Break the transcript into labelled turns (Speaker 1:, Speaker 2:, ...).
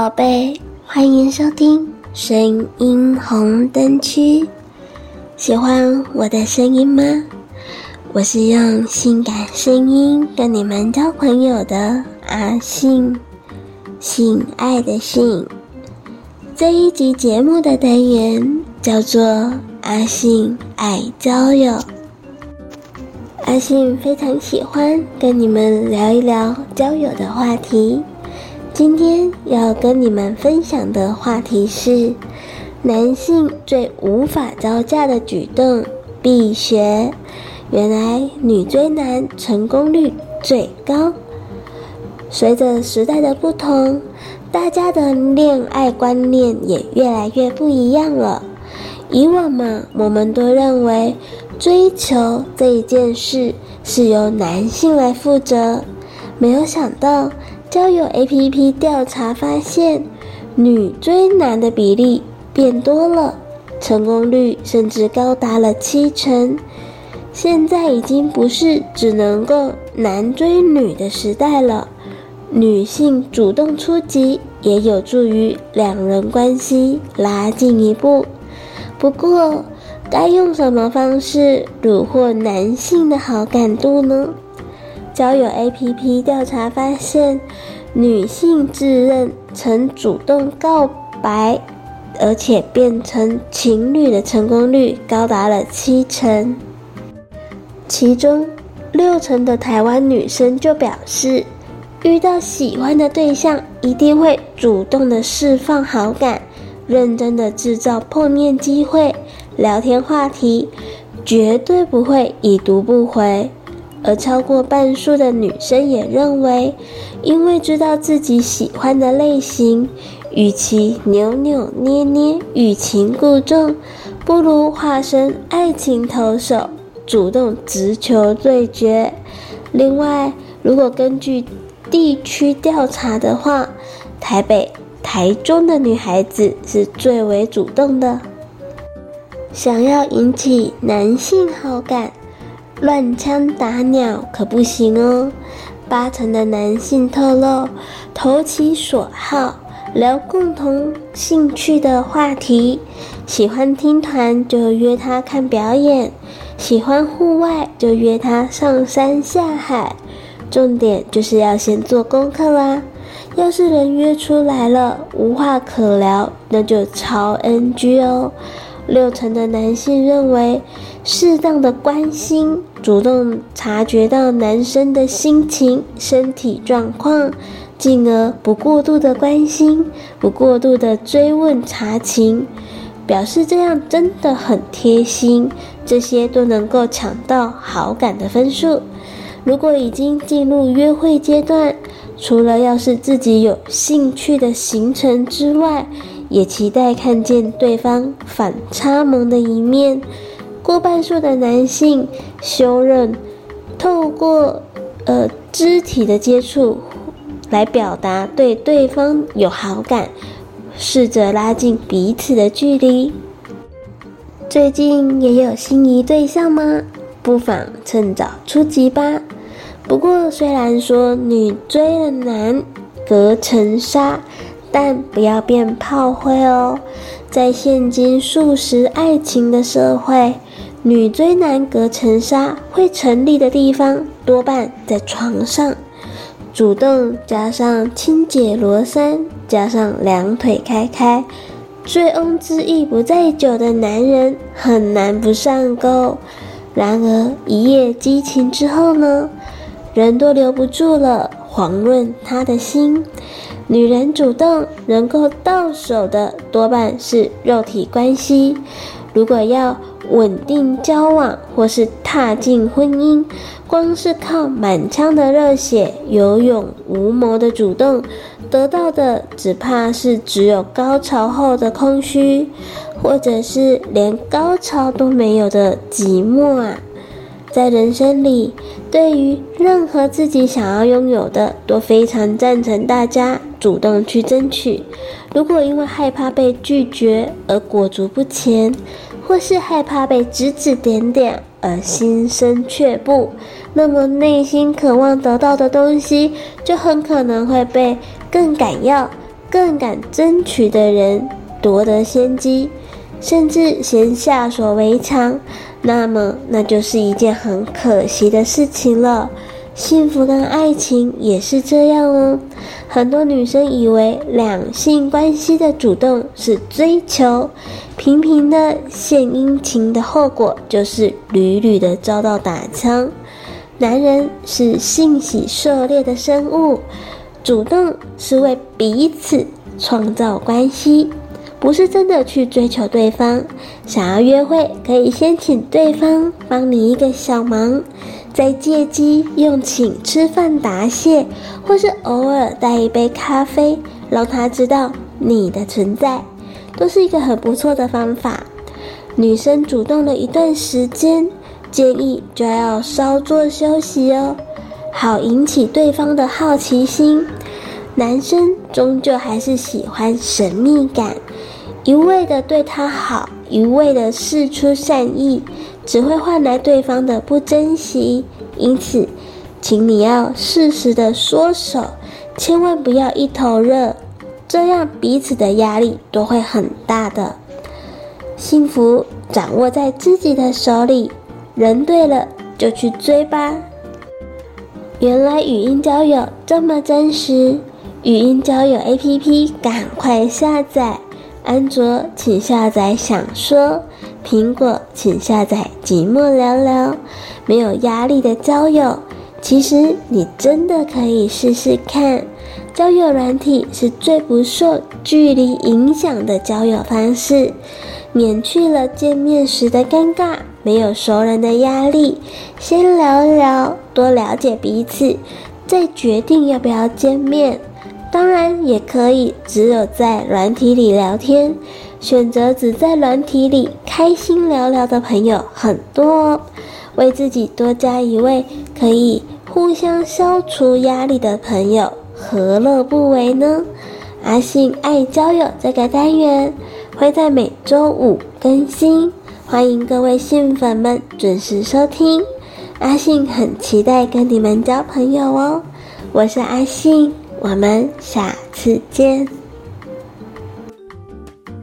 Speaker 1: 寶貝，歡迎收聽《聲音紅燈區》。喜歡我的聲音嗎？我是用性感聲音跟你們交朋友的阿性，性愛的性。這一集節目的單元叫做“阿性愛交友”。阿性非常喜歡跟你們聊一聊交友的話題。今天要跟你們分享的話題是：男性最無法招架的舉動，必學。原來女追男成功率最高。隨着時代的不同，大家的戀愛觀念也越來越不一樣了。以往嘛，我們都認為追求這一件事是由男性來負責，沒有想到。交友 APP 調查發現，女追男的比例變多了，成功率甚至高達了七成。現在已經不是只能夠男追女的時代了，女性主動出擊也有助於兩人關係拉近一步。不過，該用什麼方式虜獲男性的好感度呢？交友 APP 調查發現，女性自認曾主動告白，而且變成情侶的成功率高達了七成。其中六成的台灣女生就表示，遇到喜歡的對象一定會主動的釋放好感，認真的制造碰面機會、聊天話題，絕對不會已讀不回。而超過半數的女生也認為，因為知道自己喜歡的類型，與其扭扭捏捏、欲擒故縱，不如化身愛情投手，主動直球對決。另外，如果根據地區調查的話，台北、台中的女孩子是最為主動的，想要引起男性好感。亂槍打鳥可不行哦，八成的男性透露，投其所好，聊共同興趣的話題，喜歡聽團就約他看表演，喜歡戶外就約他上山下海，重點就是要先做功課啦。要是人約出來了，無話可聊，那就超 NG 哦。六成的男性認為，適當的關心，主動察覺到男生的心情、身體狀況，進而不過度的關心，不過度的追問查情，表示這樣真的很貼心，這些都能夠搶到好感的分數。如果已經進入約會階段，除了要是自己有興趣的行程之外，也期待看見對方反差萌的一面。過半數的男性羞忍，透過呃肢體的接觸來表達對對方有好感，試着拉近彼此的距離。最近也有心儀對象嗎？不妨趁早出擊吧。不過雖然說女追了男隔層紗。但不要變炮灰哦，在現今速食愛情的社會，女追男隔層紗會成立的地方，多半在床上。主動加上輕解羅衫，加上兩腿開開，醉翁之意不在酒的男人很難不上鈎。然而一夜激情之後呢？人都留不住了，遑論他的心。女人主動能夠到手的多半是肉體關係，如果要穩定交往或是踏進婚姻，光是靠滿腔的熱血，有勇無謀的主動，得到的只怕是只有高潮後的空虛，或者是連高潮都沒有的寂寞啊！在人生裡，對於任何自己想要擁有的，都非常贊成大家，主動去爭取，如果因為害怕被拒絕而裹足不前，或是害怕被指指點點而心生卻步，那麼內心渴望得到的東西，就很可能會被更敢要、更敢爭取的人奪得先機，甚至先下手為強，那麼那就是一件很可惜的事情了。幸福跟愛情也是這樣哦，很多女生以為兩性關係的主動是追求，頻頻的獻殷勤的後果就是屢屢的遭到打槍，男人是性喜狩獵的生物，主動是為彼此創造關係。不是真的去追求對方，想要約會可以先請對方幫你一個小忙，再借機用請吃飯答謝，或是偶爾帶一杯咖啡，讓他知道你的存在，都是一個很不錯的方法。女生主動了一段時間，建議就要稍作休息哦，好引起對方的好奇心。男生終究還是喜歡神秘感。一味的對他好，一味的釋出善意，只會換來對方的不珍惜。因此，請你要適時的縮手，千萬不要一頭熱，這樣彼此的壓力都會很大的。幸福掌握在自己的手裡，人對了就去追吧。原來語音交友這麼真實，語音交友 APP 趕快下載。安卓，Android, 請下載“享說”；蘋果，請下載“寂寞聊聊”。沒有壓力的交友，其實你真的可以試試看。交友軟體是最不受距離影響的交友方式，免去了見面時的尷尬，沒有熟人的壓力。先聊一聊，多了解彼此，再決定要不要見面。當然也可以，只有在軟體裡聊天，選擇只在軟體裡開心聊聊的朋友很多哦。為自己多加一位可以互相消除壓力的朋友，何樂不為呢？阿性愛交友這個單元會在每週五更新，歡迎各位性粉們準時收聽。阿性很期待跟你們交朋友哦，我是阿性。我們下次見。